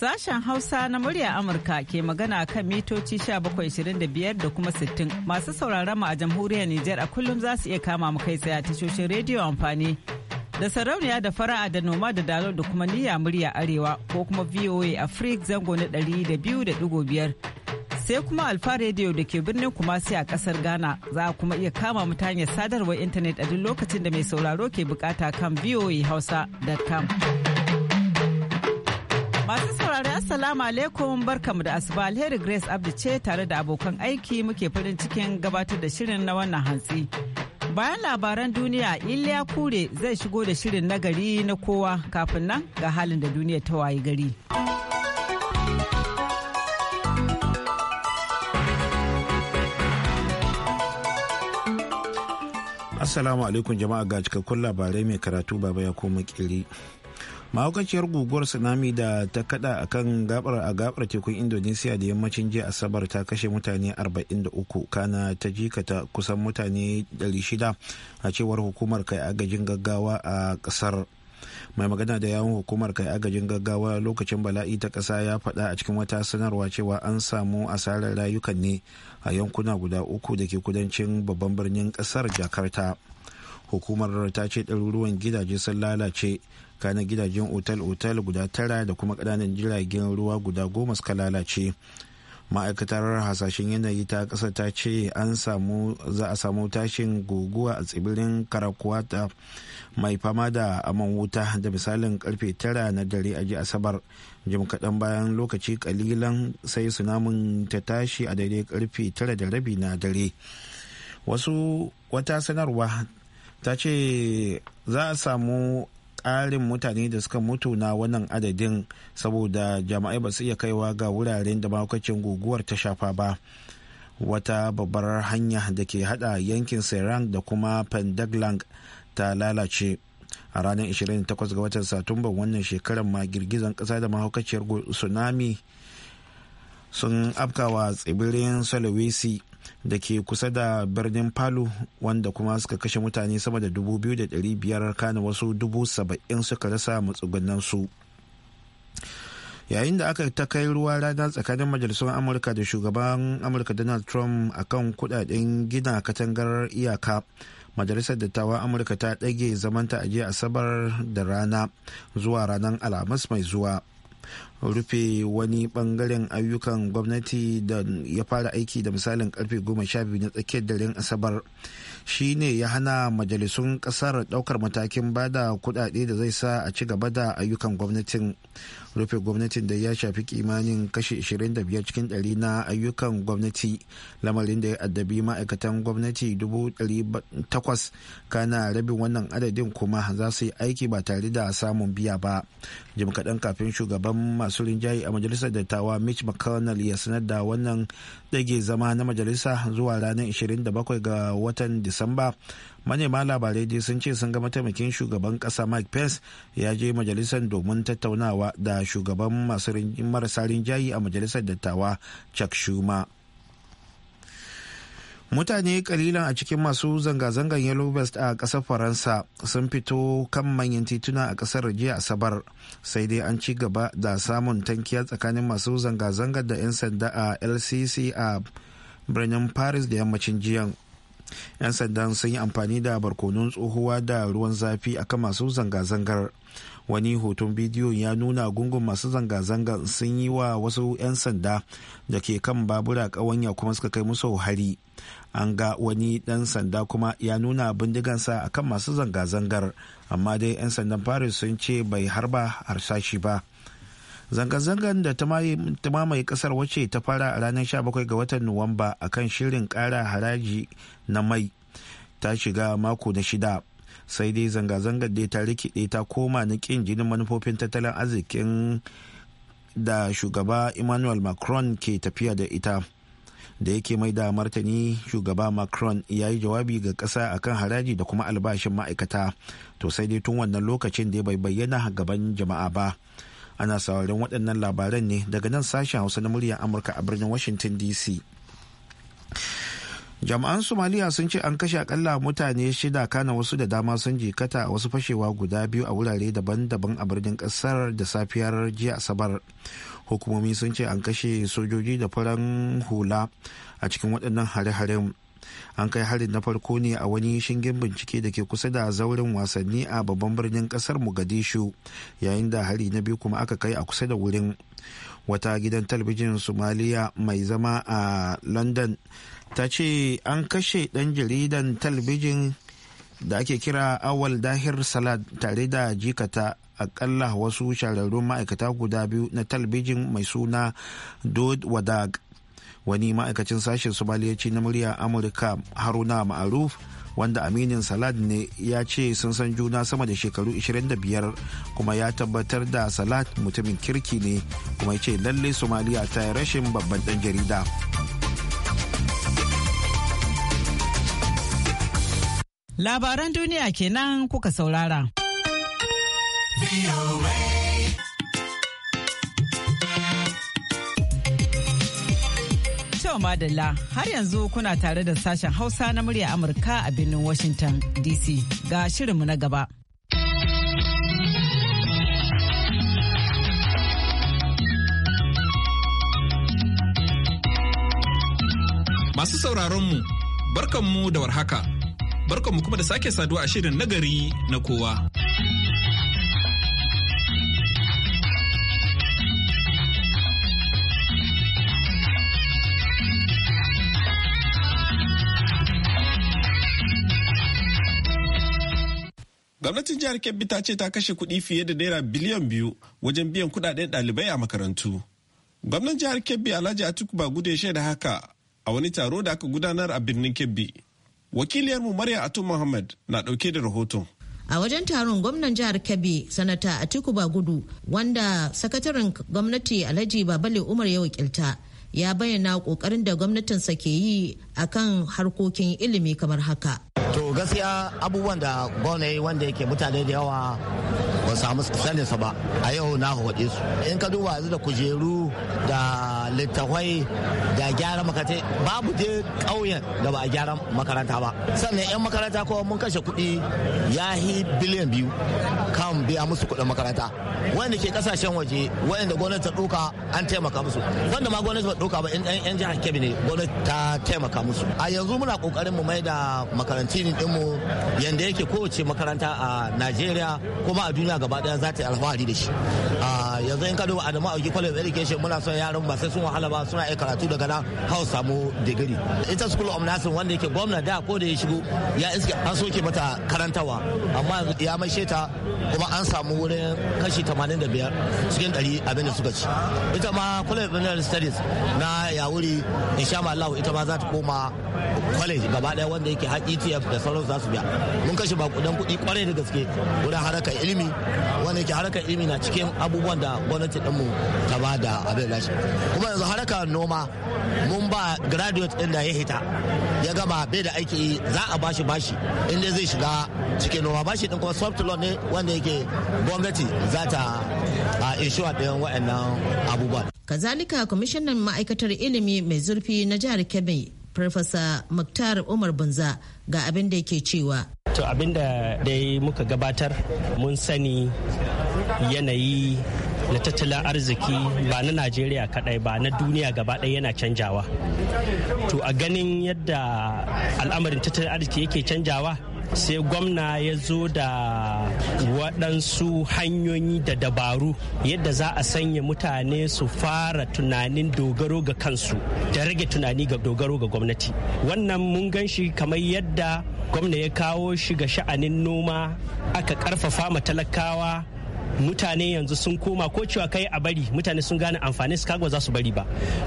Sashen Hausa na murya Amurka ke magana kan mitoci 1725 da kuma 60 masu sauraron mu a jamhuriyar Nijar a kullum za su iya kama mu kai tsaye a tashoshin rediyo amfani da sarauniya da fara'a da noma da dalo da kuma niyya murya arewa ko kuma VOA Africa zango na biyar sai kuma alfa rediyo da ke birnin kumasi a kasar Ghana za a kuma iya kama mu sadarwar intanet a duk lokacin da mai sauraro ke bukata kan voahausa.com. Masu saurari Assalamu alaikum barkamu da asuba alheri Grace Abdi ce tare da abokan aiki muke farin cikin gabatar da shirin na wannan hantsi. Bayan labaran duniya Iliya Kure zai shigo da shirin na gari na kowa kafin nan ga halin da duniya ta wayi gari. Assalamu alaikum jama'a ga cikakkun labarai mai karatu baba ya koma kiri. mahaukaciyar guguwar tsunami da ta kada a kan gabar a gabar tekun indonesiya da yammacin jiya asabar ta kashe mutane 43 kana ta jikata kusan mutane 600 a cewar hukumar kai agajin gaggawa a kasar mai magana da yawon hukumar kai agajin gaggawa lokacin bala'i ta ƙasa ya faɗa a cikin wata sanarwa cewa an samu asarar rayukan ne a yankuna guda uku da ke kudancin babban birnin ƙasar jakarta hukumar ta ce ɗaruruwan gidaje sun lalace na gidajen otal-otal guda tara da kuma ƙananan jiragen ruwa guda goma suka lalace ma'aikatar hasashen yanayi ta ƙasa ta ce an samu za a samu tashin guguwa a tsibirin karakuwata mai fama da aman wuta da misalin karfe tara na dare a ji asabar jim kaɗan bayan lokaci kalilan sai sunamin ta tashi a daidai karfe tara da rabi na dare wasu wata sanarwa ta ce za a samu ƙarin mutane da suka mutu na wannan adadin saboda jama'ai ba su iya kaiwa ga wuraren da mahaukacin guguwar ta shafa ba wata babbar hanya da ke hada yankin serang da kuma pendaglang ta lalace a ranar 28 ga watan satumba wannan shekarar ma girgizan kasa da mahaukaciyar tsunami sun afkawa tsibirin sulawesi da ke kusa da birnin palu wanda kuma suka kashe mutane sama da 2,500 kana wasu saba'in suka rasa matsugunan su yayin da aka ta kai ruwa rana tsakanin majalisun amurka da shugaban amurka donald trump akan kudaden gina katangar iyaka majalisar dattawan amurka ta ɗage zamanta a jiya asabar da rana zuwa ranar alhamis mai zuwa rufe wani bangaren ayyukan gwamnati da ya fara aiki da misalin karfe goma sha biyu na tsakiyar daren asabar shi ne ya hana majalisun kasar daukar matakin bada kudade da zai sa a ci gaba da ayyukan gwamnatin rufe gwamnatin da ya shafi kimanin kashi 25 cikin 100 na ayyukan gwamnati lamarin da ya addabi ma'aikatan gwamnati 800 kana rabin wannan adadin kuma za su yi aiki ba tare da samun biya ba jim kaɗan kafin shugaban masu masu rinjaye a majalisar dattawa mitch mcconnell ya sanar da wannan ɗage zama na majalisa zuwa ranar 27 ga watan disamba manema labarai dai sun ce sun ga mataimakin shugaban ƙasa mike pence ya je majalisar domin tattaunawa da shugaban masu marasa rinjaye a majalisar dattawa chuck schumer mutane kalilan a cikin masu zanga-zangar yellow vest a kasar faransa sun fito kan manyan tituna a ƙasar jiya asabar sai dai an ci gaba da samun tankiya tsakanin masu zanga-zangar da 'yan sanda a lcc a birnin paris da yammacin jiyan 'yan sandan sun yi amfani da barkonon tsohuwa da ruwan zafi akan masu zanga-zangar wani hoton bidiyo ya nuna gungun masu zanga zanga sun yi wa wasu 'yan sanda da ke kan babura ƙawanya kuma suka kai musu hari an ga wani ɗan sanda kuma ya nuna bindigansa a kan masu zanga-zangar amma dai 'yan sandan paris sun ce bai harba harsashi ba zanga-zangar da ta mamaye kasar wacce ta fara a ranar 17 ga watan nuwamba akan shirin kara haraji na mai ta shiga mako na shida sai dai zanga-zangar da ta rikide ta koma na kin jinin manufofin tattalin arzikin da shugaba emmanuel macron ke tafiya da ita da yake mai da martani shugaba macron ya yi jawabi ga kasa akan haraji da kuma albashin ma'aikata to sai dai tun wannan lokacin da bai bayyana gaban jama'a ba ana saurin waɗannan labaran ne daga nan sashen hausa na muryar amurka a birnin washington dc jama'an somaliya sun ce an kashe akalla mutane shida kana wasu da dama sun jikata a wasu fashewa guda biyu a wurare daban-daban a birnin kasar da safiyar jiya asabar hukumomi sun ce an kashe sojoji da faran hula a cikin waɗannan hare-haren an kai harin na farko ne a wani shingen bincike da ke kusa da zauren wasanni a babban birnin kasar mogadishu yayin da hari na biyu kuma aka kai a kusa da wurin wata gidan talabijin somaliya mai zama a london ta ce an kashe ɗan jaridan talabijin da ake kira awal dahir salad tare da jikata akalla wasu shararrun ma'aikata guda biyu na talbijin mai suna dod wadag wani ma'aikacin sashen somaliyaci na murya amurka haruna ma'aruf wanda aminin salad ne ya ce sun san juna sama da shekaru 25 kuma ya tabbatar da salad mutumin kirki ne kuma ya ce lalle somaliya ta yi rashin babban dan jarida. Labaran duniya kenan kuka saurara. Yau Madalla har yanzu kuna tare da sashen Hausa na murya Amurka a birnin Washington DC ga shirinmu na gaba. Masu sauraronmu, barkanmu da warhaka. barkanmu kuma da sake saduwa a shirin nagari na kowa. Gwamnatin jihar Kebbi ta ce ta kashe kuɗi fiye da naira biliyan biyu wajen biyan kuɗaɗen ɗalibai a makarantu. Gwamnan jihar Kebbi Alhaji Atiku Bagudu ya shaida haka a wani taro da aka gudanar a birnin Kebbi. wakiliyarmu Maryam Atu Muhammad na ɗauke da rahoton. a wajen taron gwamnan jihar kebbi sanata atiku bagudu wanda sakataren gwamnati alhaji babale umar ya wakilta ya bayyana kokarin da gwamnatinsa ke yi akan harkokin ilimi kamar haka. To gaskiya abubuwan da gwamna yi wanda yake mutane da yawa ba samu sanin sa ba a yau na hoɗe su. In ka duba yanzu da kujeru da littafai da gyara makaranta babu je ƙauyen da ba a gyara makaranta ba. Sannan 'yan makaranta ko mun kashe kuɗi ya yi biliyan biyu kan biya musu kuɗin makaranta. Wanda ke kasashen waje wanda gwamnati ta ɗoka an taimaka musu. Wanda ma gwamnati ba ɗoka ba 'yan jihar Kebbi ne gwamnati ta taimaka musu a yanzu muna kokarin mu mai da makarantini dinmu yanda yake kowace makaranta a Najeriya kuma a duniya gaba daya za ta yi alfahari da shi yanzu in ka duba Adamu Auki College of Education muna son yaran ba sai sun wahala ba suna iya karatu daga nan su samu digiri ita School of Nursing wanda yake gwamna da ko da ya shigo ya iske an soke mata karantawa amma ya maishe ta kuma an samu wurin kashi 85 cikin 100 abinda suka ci ita ma College of Studies na yawuri insha Allah ita ma za ta koma gama college gaba daya wanda yake har etf da sauran za su biya mun kashe bakudan kuɗi kwarai da gaske wurin harakar ilimi wanda yake harakar ilimi na cikin abubuwan da gwamnati ɗinmu ta ba da abin lashi kuma yanzu harakar noma mun ba graduate din da ya hita ya gama bai da aiki za a bashi bashi inda zai shiga cikin noma bashi din kuma soft loan ne wanda yake gwamnati za ta inshuwa ɗin waɗannan abubuwan kazalika kwamishinan ma'aikatar ilimi mai zurfi na jihar kebbi Farfasa Muktar Umar Banza ga abin da yake cewa. To abin da dai muka gabatar mun sani yanayi na tattalin arziki ba na Najeriya kadai ba na duniya gaba ɗaya yana canjawa. To a ganin yadda al'amarin tattalin arziki yake canjawa sai gwamna ya zo da waɗansu hanyoyi da dabaru yadda za a sanya mutane su fara tunanin dogaro ga kansu da rage tunani ga dogaro ga gwamnati wannan mun gan shi kamar yadda gwamna ya kawo shi ga sha'anin noma aka karfafa ma talakawa mutane yanzu sun koma ko cewa kai a bari mutane sun gane amfani su kagwa za su bari ba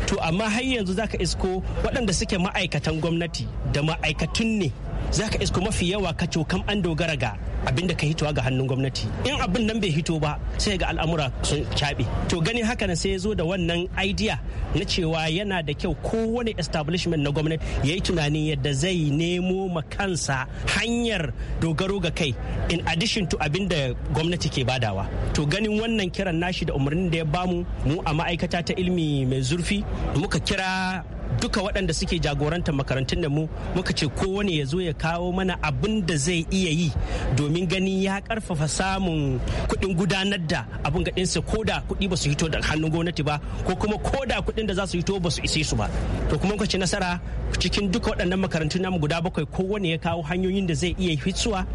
to amma har yanzu zaka isko waɗanda suke ma'aikatan gwamnati da ma'aikatun ne za ka isko mafi yawa ka kam an dogara ga abinda ka hitowa ga hannun gwamnati in abin nan bai hito ba sai ga al'amura sun caɓe to ganin haka na sai ya zo da wannan idea na cewa yana da kyau kowane establishment na gwamnati ya yi tunanin yadda zai nemo ma kansa hanyar dogaro ga kai in addition to abin da gwamnati ke badawa to ganin wannan kiran nashi da umarnin da ya bamu mu a ma'aikata ta ilimi mai zurfi muka kira duka waɗanda suke jagorantar makarantun da mu muka ce kowane ya zo ya kawo mana abin da zai iya yi domin gani ya karfafa samun kuɗin gudanar da abin gaɗinsa ko da kuɗi ba su hito da hannun gwamnati ba ko kuma ko da kuɗin da za su hito ba su ise su ba to kuma muka ci nasara cikin duka waɗannan makarantun namu guda bakwai kowane ya kawo hanyoyin da zai iya fitsuwa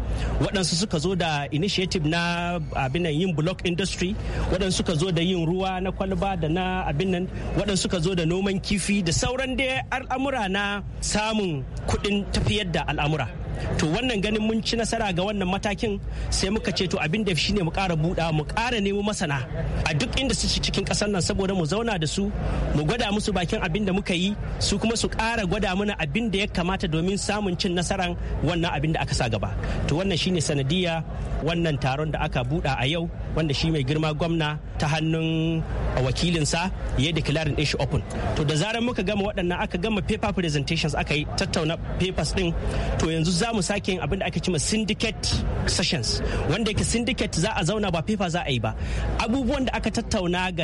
waɗansu suka zo da initiative na abin yin block industry waɗansu suka zo da yin ruwa na kwalba da na abin nan waɗansu suka zo da noman kifi da sauran dai al'amura na samun kuɗin tafiyar da al'amura to wannan ganin mun ci nasara ga wannan matakin sai muka ce to abin da shine mu ƙara buɗa mu ƙara nemo masana a duk inda su cikin ƙasar nan saboda mu zauna da su mu gwada musu bakin abin da muka yi su kuma su ƙara gwada mana abin da ya kamata domin samun cin nasaran wannan abin da aka sa gaba to wannan shine sanadiya wannan taron da aka buɗa a yau wanda shi mai girma gwamna ta hannun wakilinsa ya yi declaring issue open to da zarar muka gama waɗannan aka gama paper presentations aka yi tattauna papers din to yanzu za mu sake yin abin da ake cima syndicate sessions wanda yake syndicate za a zauna ba paper za a yi ba abubuwan da aka tattauna ga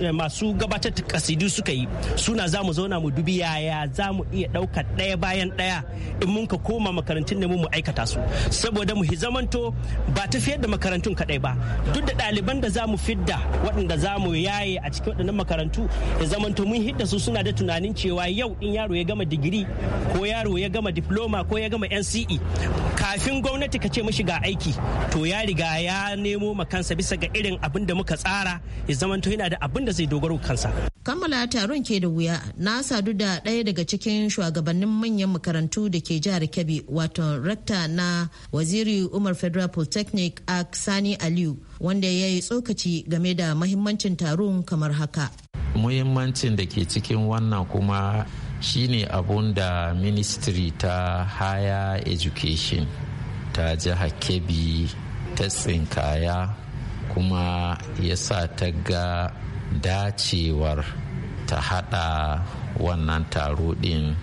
eh, masu gabatar da kasidu suka yi suna za mu zauna mu dubi yaya za mu iya dauka ɗaya bayan ɗaya in mun ka koma makarantun da mu mu aikata su saboda mu zamanto ba tafiyar da makarantun kaɗai ba duk da ɗaliban da za mu fidda waɗanda za mu yaye a cikin waɗannan makarantu ya zamanto mun hidda su suna da tunanin cewa yau in yaro ya gama digiri ko yaro ya gama diploma ko ya gama NCE kafin gwamnati ka ce mishi ga aiki to ya riga ya nemo makansa bisa ga irin abin da muka tsara ya zamanto yana da abin da zai dogaro kansa. Kammala taron ke da wuya na sadu da ɗaya daga cikin shugabannin manyan makarantu da ke jihar Kebbi wato rector na waziri Umar Federal Polytechnic sani Aliyu wanda ya yi tsokaci game da mahimmancin taron kamar haka. Muhimmancin da ke cikin wannan kuma shine abun da ministry ta higher education ta jihar kebbi ta tsinkaya kuma ya sa ta ga dacewar ta hada wannan taro din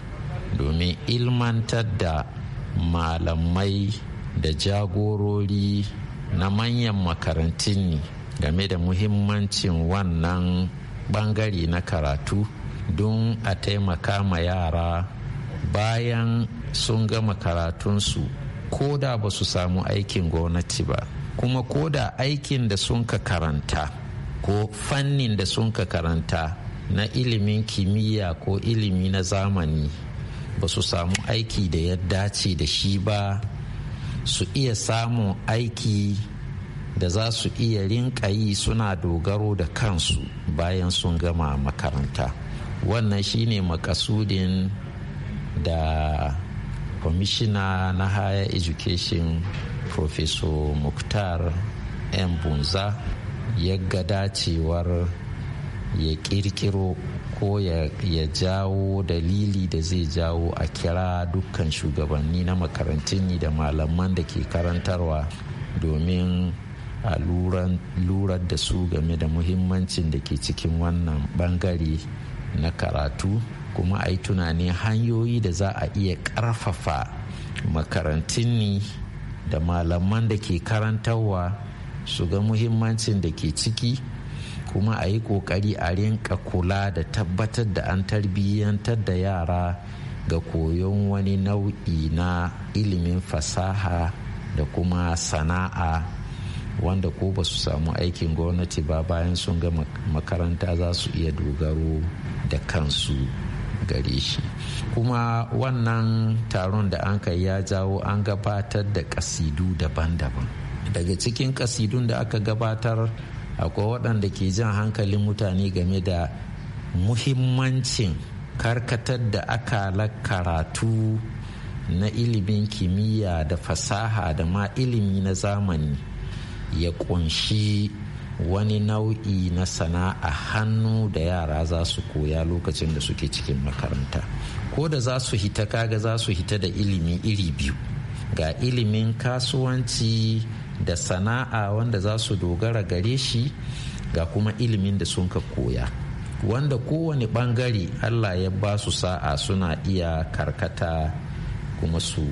domin ilmantar da malamai da jagorori na manyan makarantun game da muhimmancin wannan bangare na karatu don a taimaka ma yara bayan sun gama karatunsu ko da ba su samu aikin gwamnati ba kuma ko da aikin da sun ka karanta ko fannin da sun ka karanta na ilimin kimiyya ko ilimi na zamani ba su samu aiki da ya dace da shi ba su iya samun aiki da za su iya rinka yi suna dogaro da kansu bayan sun gama makaranta wannan shine makasudin da kwamishina na higher education professor muktar m bunza ya ga dacewar ya kirkiro ko ya jawo dalili da zai jawo a kira dukkan shugabanni na makarantun da malaman da ke karantarwa domin a lura da su game da muhimmancin da ke cikin wannan bangare na karatu kuma a yi tunani hanyoyi da za a iya ƙarfafa makarantun da malaman da ke karantarwa su ga muhimmancin da ke ciki kuma a yi ƙoƙari a rinka kula da tabbatar da an tarbiyyantar da yara ga koyon wani nau'i na ilimin fasaha da kuma sana'a wanda ko ba su samu aikin gwamnati ba bayan sun ga makaranta za su iya dogaro da kansu gare shi kuma wannan taron da an kai ya jawo an gabatar da kasidu daban-daban daga cikin kasidun da aka gabatar akwai waɗanda ke jan hankalin mutane game da muhimmancin karkatar da akalar karatu na ilimin kimiyya da fasaha da ma ilimi na zamani ya kunshi wani nau'i na sana'a hannu da yara za su koya lokacin da suke cikin makaranta ko da za su hita kaga za su hita da ilimi iri biyu ga ilimin kasuwanci da sana'a wanda za su dogara gare shi ga kuma ilimin da sun ka koya wanda kowane bangare allah ya ba su sa'a suna iya karkata kuma su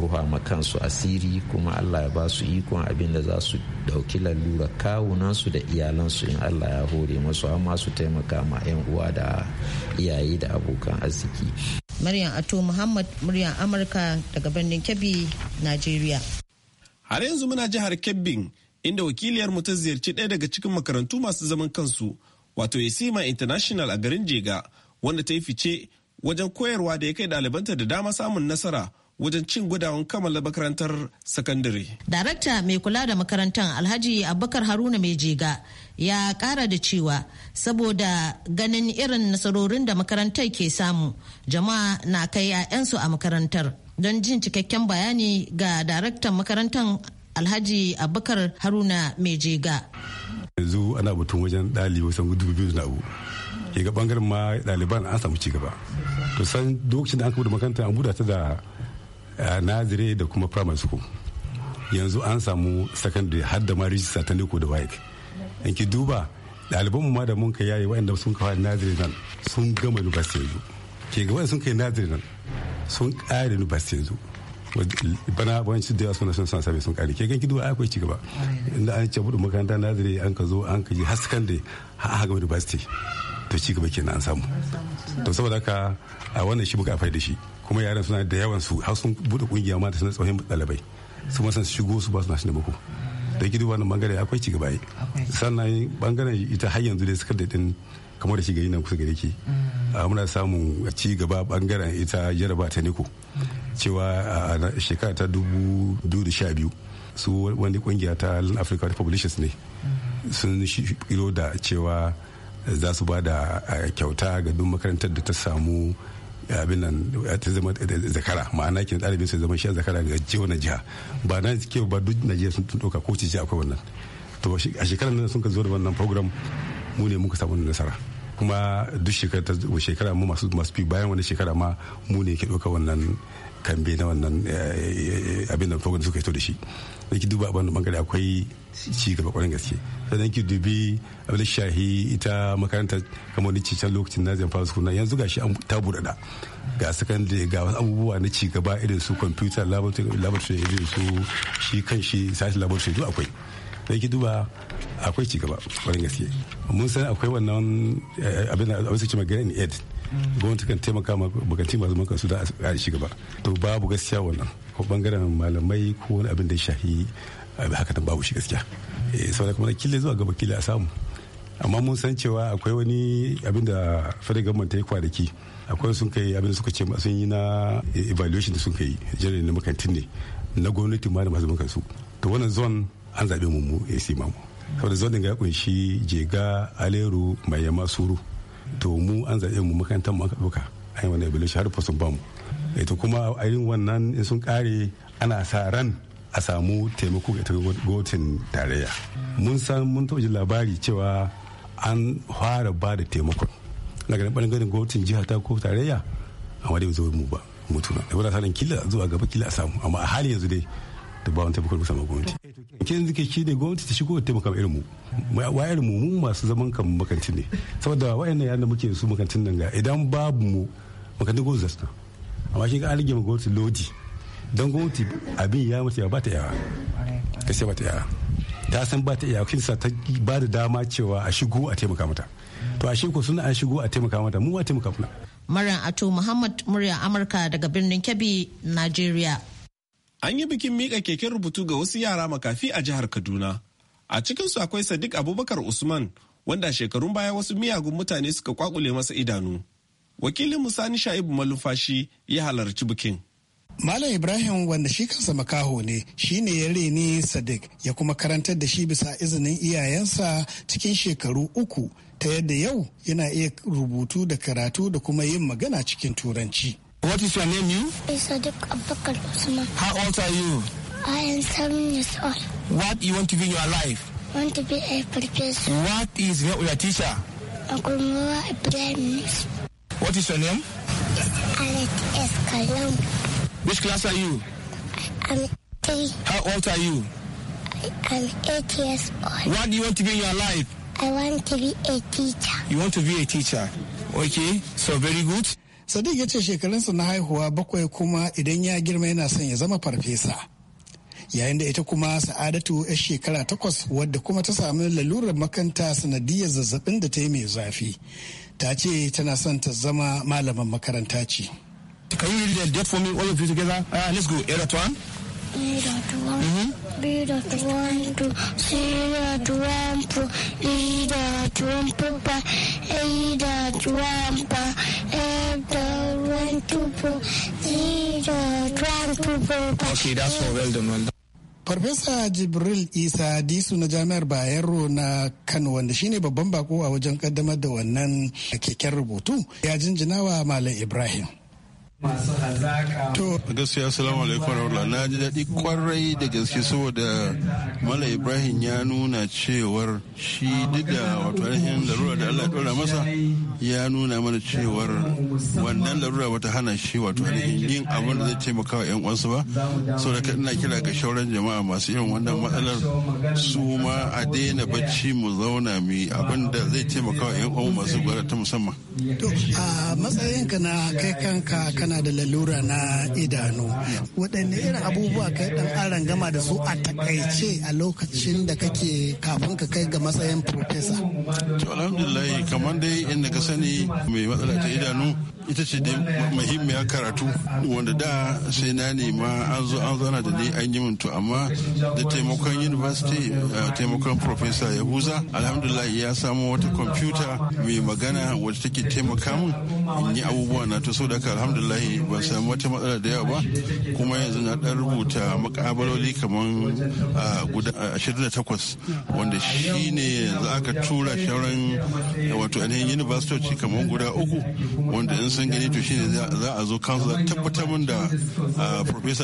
ruha ma kansu asiri kuma allah ya ba su ikon abin da za su dauki lalura kawunansu da iyalansu in allah ya hore masu amma su taimaka ma 'yan uwa da iyaye da abokan arziki maryam ato muhammad muryar amurka daga birnin kebbi nigeria har yanzu muna jihar kebbin inda wakiliyar mu ta ziyarci ɗaya daga cikin makarantu masu zaman kansu wato yasima international a garin jega wanda ta yi fice wajen koyarwa da ya kai ɗalibanta da dama samun nasara wajen cin gudawan kammala makarantar sakandare. Darakta mai kula da makarantar Alhaji Abubakar Haruna mai jega ya kara da cewa saboda ganin irin nasarorin da makarantar ke samu jama'a na kai 'ya'yansu a makarantar don jin cikakken bayani ga daraktan makarantar Alhaji Abubakar Haruna mai jega. Yanzu ana batun wajen ɗalibai wasan dubu biyu na abu. Ke ga ɓangaren ma daliban an samu cigaba. To san da an kawo da makarantar an buɗa ta da nazire da kuma primary school yanzu an samu secondary har da ma rijista ta niko da wike in ki duba ɗalibanmu ma da mun ka yaye waɗanda sun kawo nazire nan sun gama university yanzu ke ga sun kai nazire nan sun ƙare university yanzu bana banci da suna son sami sun kare ke ganki duba akwai cigaba inda an ce budu makaranta nazire an ka zo an ka ji haskan da ha gama university to cigaba kenan an samu to saboda haka a wannan shi buƙafai da shi kuma yaran suna da yawan su har sun bude kungiya mata suna tsohon ɗalibai su ma san shigo su ba su nashi mako da gidu wannan bangare akwai ci gaba sannan bangaren ita har yanzu dai suka daɗin kamar da shiga nan kusa gare ki mm. ah, muna samun ci gaba bangaren ita jaraba ta niko mm. cewa ah, a shekara ta dubu biyu da sha biyu su wani kungiya ta Africa Publishers ne mm. sun shiro da cewa za su ba da ah, kyauta ga duk makarantar da ta samu abin nan ta zama eh, zakara ma'ana kin ɗalibin sai zama shi zakara ga jiwa na jiha ba na ke ba duk na sun sun ɗauka ko ce akwai wannan to a shekarar nan sun ka zo da wannan program mu ne muka samu nasara kuma duk shekara mu masu masu bayan wani shekara ma mu ne ke ɗauka wannan kambe na wannan eh, eh, eh, abin da program suka hito da shi da ki duba abin bangare akwai ci gaba kwarin gaske sannan ki dubi abin shahi ita makaranta kamar wani can lokacin na zamfara su yanzu gashi an ta da ga sakandare ga wasu abubuwa na ci gaba irin su kwamfuta laboratory irin su shi kan shi sashi laboratory duk akwai da ki duba akwai ci gaba kwarin gaske mun san akwai wannan eh, abin da wasu cikin magana in aid gwamnati kan taimaka ma bukaci masu maka su da a shi gaba to babu gaskiya wannan ko bangaren malamai ko wani abin da ya shafi eh, haka nan babu shi gaskiya eh, saboda kuma kile zuwa gaba kile a samu amma mun san cewa akwai wani abin da federal government ta yi kwanaki akwai sun kai abin da suka ce sun yi na evaluation da sun kai jirin na makantin ne na gwamnati ma da masu su. to wannan zon an zaɓe mu mu ya mu saboda zonin ya kunshi jega aleru mai yamma suru to mu an zaɓe mu makarantar mu aka ɗauka A yi wani evaluation har fasun bamu ita eh, kuma a yi wannan in sun kare ana sa ran a samu taimako ga ita gotin tarayya mun san mun taɓa labari cewa an fara ba da taimakon ganin ɓangaren gotin jiha ta ko tarayya amma dai zo mu ba mutuna da wani kila zuwa gaba kila a samu amma a hali yanzu dai da ba wani tafi da ma gwamnati ke yanzu ke shine gwamnati ta shigo taimaka ma irin mu wa mu masu zaman kan makanci ne saboda wa'yan nan yana muke su makancin nan ga idan babu mu makantin gwamnati zasu amma shi ga an rage ma gwamnati lodi don gwamnati abin ya mace ba ta yawa Ka ce ba ta yawa ta san ba ta yawa kinsa ta ba da dama cewa a shigo a taimaka mata to a ko suna an shigo a taimaka mata mu a taimaka muna Maryam Ato Muhammad murya Amurka daga birnin Kebbi, Nigeria. An yi bikin mika keken rubutu ga wasu yara makafi a jihar Kaduna. A cikinsu akwai Sadiq Abubakar Usman wanda shekarun baya wasu miyagun mutane suka kwakule masa idanu. Wakilin Musani Sha'ibu Malumfashi ya halarci bikin. Malam Ibrahim wanda shi kansa makaho ne shi ne ya reni Sadiq ya kuma karantar da shi bisa izinin iyayensa cikin shekaru uku ta yadda yau yana iya rubutu da karatu da kuma yin magana cikin turanci. What is your name, you? Sadiq Abubakar Osman. How old are you? I am seven years old. What you want to be in your life? I want to be a professor. What is your, your teacher? Agumawa Ibrahim. What is your name? Alex Escalon. Which class are you? I'm three. How old are you? I'm eight years old. What do you want to be in your life? I want to be a teacher. You want to be a teacher? Okay, so very good. sadiq ya ce shekarunsa na haihuwa bakwai kuma idan ya girma yana son ya zama farfesa yayin da ita kuma sa'adatu ya shekara takwas wadda kuma ta sami lalurar makanta sanadiyar zazzabin da ta yi mai zafi ta ce tana son ta zama malaman makaranta ce Can you read the Farfesa Jibril Isa Disu na Jami'ar Bayero na Kano wanda shine babban bako a wajen kaddamar da wannan keken rubutu ya jinjinawa Malam Ibrahim. masu hazaka. To gaskiya assalamu alaikum warahmatullahi na ji daɗi kwarai da gaske saboda Mala Ibrahim ya nuna cewar shi duk da wato ainihin larura da Allah ɗora masa ya nuna mana cewar wannan larura bata hana shi wato ainihin yin abin da zai taimaka wa 'yan uwansu ba saboda ka ina kira ga shauran jama'a masu irin wannan matsalar su ma a daina bacci mu zauna mi yi abin da zai taimaka wa 'yan uwan masu gwada ta musamman. To a matsayinka na kai kanka kana kana da lalura na idanu waɗanne irin abubuwa kai dan an gama da su a takaice a lokacin da kake kafin ka kai ga matsayin profesa to alhamdulillah kamar dai inda ka sani mai matsala ta idanu ita ce da muhimmiyar karatu wanda da sai na nema an zo an zana da ni an yi mintu amma da taimakon university taimakon professor yahuza alhamdulillah ya samu wata kwamfuta mai magana wacce take taimaka min in yi abubuwa na to so da alhamdulillah wallahi ban samu wata matsala da yawa ba kuma yanzu na dan rubuta makabaloli kamar guda 28 wanda shi ne yanzu aka tura shauran wato ainihin university kamar guda uku wanda in sun gani to shi ne za a zo kansu za tabbatar min da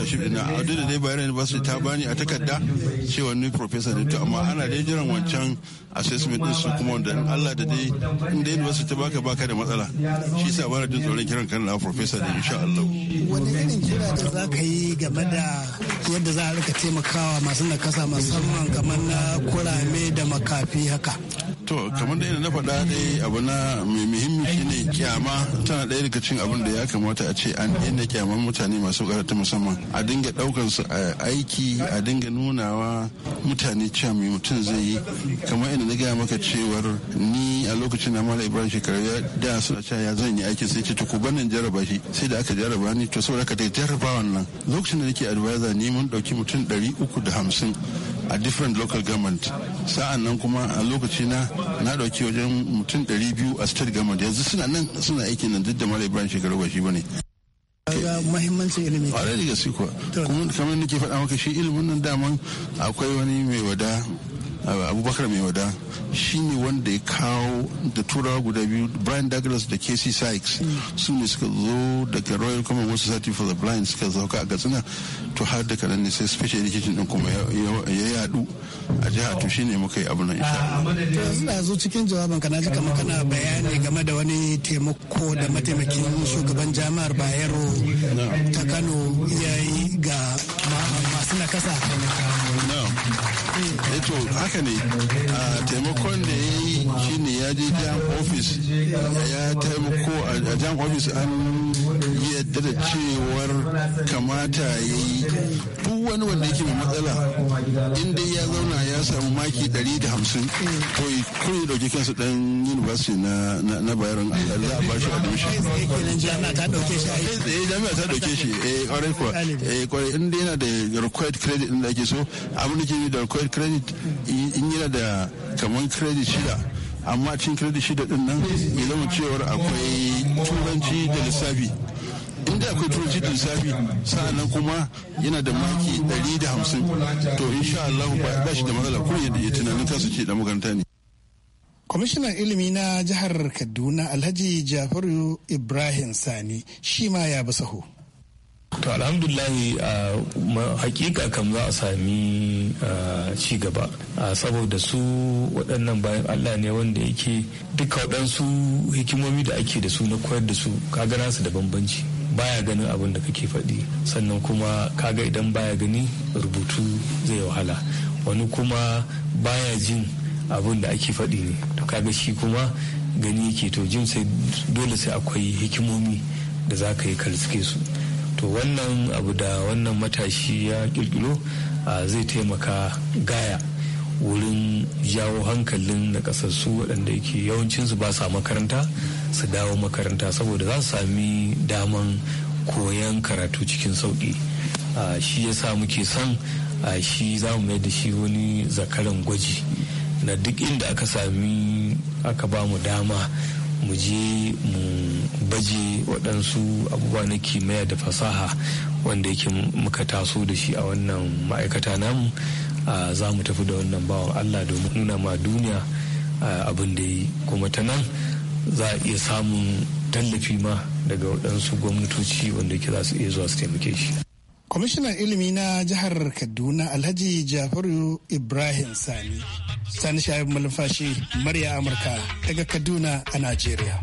shi na a duk da dai bayan university ta bani a takarda cewa ni professor ne to amma ana dai jiran wancan assessment din su kuma wanda Allah da dai in da university ta baka baka da matsala shi sa bana jin tsoron kiran kan na professor ne wani irin kira da za ka yi game da yadda za a rika taimakawa masu nakasa musamman kamar na kurame da makafi haka to kamar da na faɗa dai abu na mai muhimmi shine kyama tana ɗaya daga cikin abin da ya kamata a ce an daina kyaman mutane masu karatu musamman a dinga ɗaukan su a aiki a dinga nunawa mutane cewa mai mutum zai yi kamar inda na gaya maka cewar ni a lokacin na mala ibrahim shekaru ya da suna cewa ya zan yi aiki sai ce ku banin jaraba shi sai da aka jarraba ni to saboda ka dai jarrabawan nan lokacin da nake advisor ne mun dauki mutum 350 a different local government sa'an nan kuma a lokaci na na dauki wajen mutum 200 a state government yanzu suna nan suna aiki nan duk da mara ibrahim shekaru ba shi bane ga ilimi a da gaske kuwa kuma kamar nake faɗa maka shi ilimin nan daman akwai wani mai wada abubakar mai wada shine wanda ya kawo da turawa guda biyu brian douglas da casey sykes su ne suka zo daga royal commonwealth society for the blind suka ka a katsina to har da kanan ne sai special education din kuma ya yadu a jiha to shine muka yi abu na insha Allah zo cikin jawaban kana ji kamar kana bayani game da wani taimako da mataimakin shugaban jami'ar Bayero ta Kano yayi ga masu nakasa. Eto eh, haka haka ne a taimakon da ya yi shine ya je jam office ya taimako a jam office an yi yadda da cewar kamata ya yi duk wani wanda yake mai matsala in dai ya zauna ya samu maki 150 to ko ya dauki kansa dan university na na bayaran Allah ba shi a jami'a ta shi eh jami'a ta dauke shi eh kwarai kuwa eh kwarai in dai yana da required credit din da ake so abin da ke da required credit in yana da kaman credit shida amma cin credit shida din nan ya zama cewar akwai turanci da lissafi inda akwai turanci da lissafi sa'annan kuma yana da maki 150 to insha Allah ba shi da matsala ko ya tunanin kansa ce da makaranta ne kwamishinan ilimi na jihar kaduna alhaji jafaru ibrahim sani shi ma ya bi saho to alhamdulahi a hakika kam za a sami ci gaba saboda su waɗannan bayan allah ne wanda yake duka waɗansu hikimomi da ake da su na koyar da su kaga nasu da bambanci baya ganin abin da kake faɗi sannan kuma kaga idan baya gani rubutu zai wahala wani kuma baya jin abin da ake faɗi ne to kaga shi kuma gani yake to jin sai dole sai akwai hikimomi da za ka yi karsuke su to wannan abu da wannan matashi ya kirkiro ah, zai taimaka gaya wurin jawo hankalin na kasassu waɗanda yake yawancinsu ba sa makaranta su dawo makaranta saboda za su sami daman koyan karatu cikin sauƙi shi ya sa muke son shi za mu mai da shi wani zakaran gwaji na duk inda aka sami aka ba mu dama mu je mu baje waɗansu abubuwa na kimiyya da fasaha wanda yake muka taso da shi a wannan ma'aikata namu za mu tafi da wannan bawan allah domin nuna ma duniya abin da yi kuma ta nan za a iya samun tallafi ma daga waɗansu gwamnatoci wanda ke za su iya zuwa su taimake shi kwamishinan ilimi na jihar kaduna alhaji jafaru ibrahim sani sani shayar malumfashi murya amurka daga kaduna a najeriya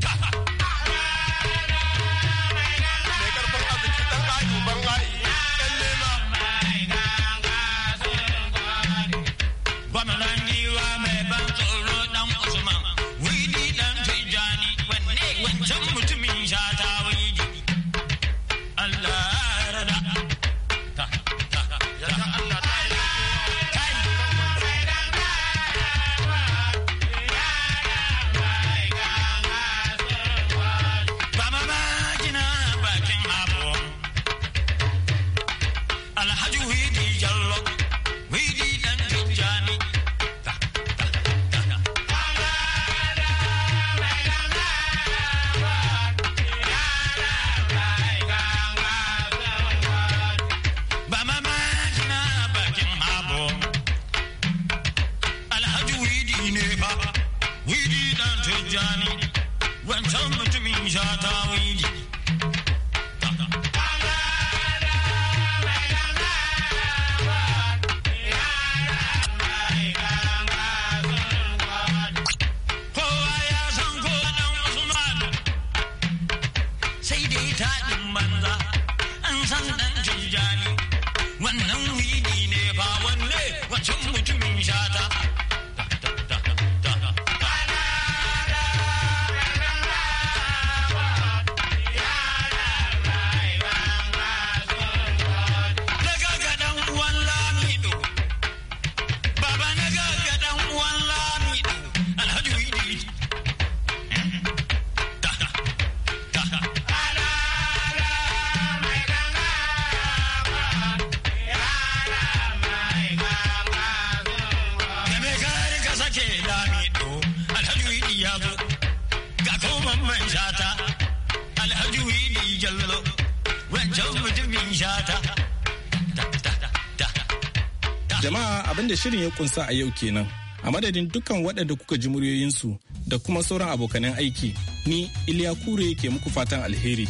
da shirin ya kunsa a yau kenan. A madadin dukkan waɗanda kuka ji muryoyinsu da kuma sauran abokanan aiki, ni Iliya Kure ke muku fatan alheri.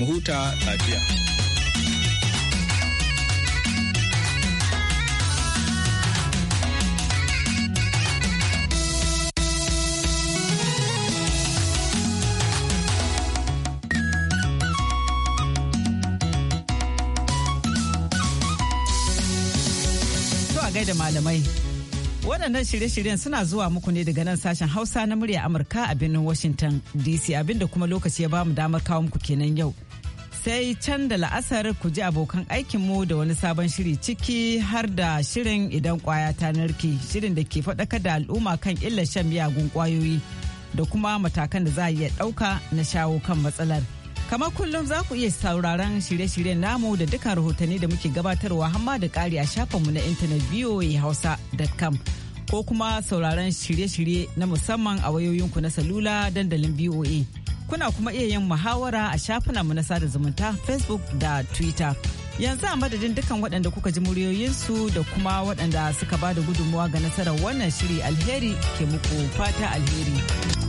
Mu huta lafiya. da malamai. Waɗannan shirye-shiryen suna zuwa muku ne daga nan sashen Hausa na murya Amurka a birnin Washington DC abinda kuma lokaci ya bamu damar kawo muku kenan yau. Sai can da la'asar ku ji abokan aikinmu da wani sabon shiri ciki har da shirin idan kwaya ta narke shirin da ke faɗakar da al'umma kan illar shan miyagun kwayoyi da kuma matakan da za a iya ɗauka na shawo kan matsalar. Kamar kullum za ku iya sauraron shirye-shiryen namu da dukkan rahotanni da muke gabatarwa hamma da kari a shafinmu na intanet voahausa.com ko kuma sauraron shirye-shirye na musamman a wayoyinku na salula dandalin VOA. Kuna kuma iya yin muhawara a shafinanmu na sada zumunta Facebook da Twitter. yanzu a madadin dukkan waɗanda kuka ji muryoyinsu da kuma waɗanda suka ba da gudunmuwa ga nasarar wannan shiri alheri ke muku fata alheri.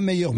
Meilleur.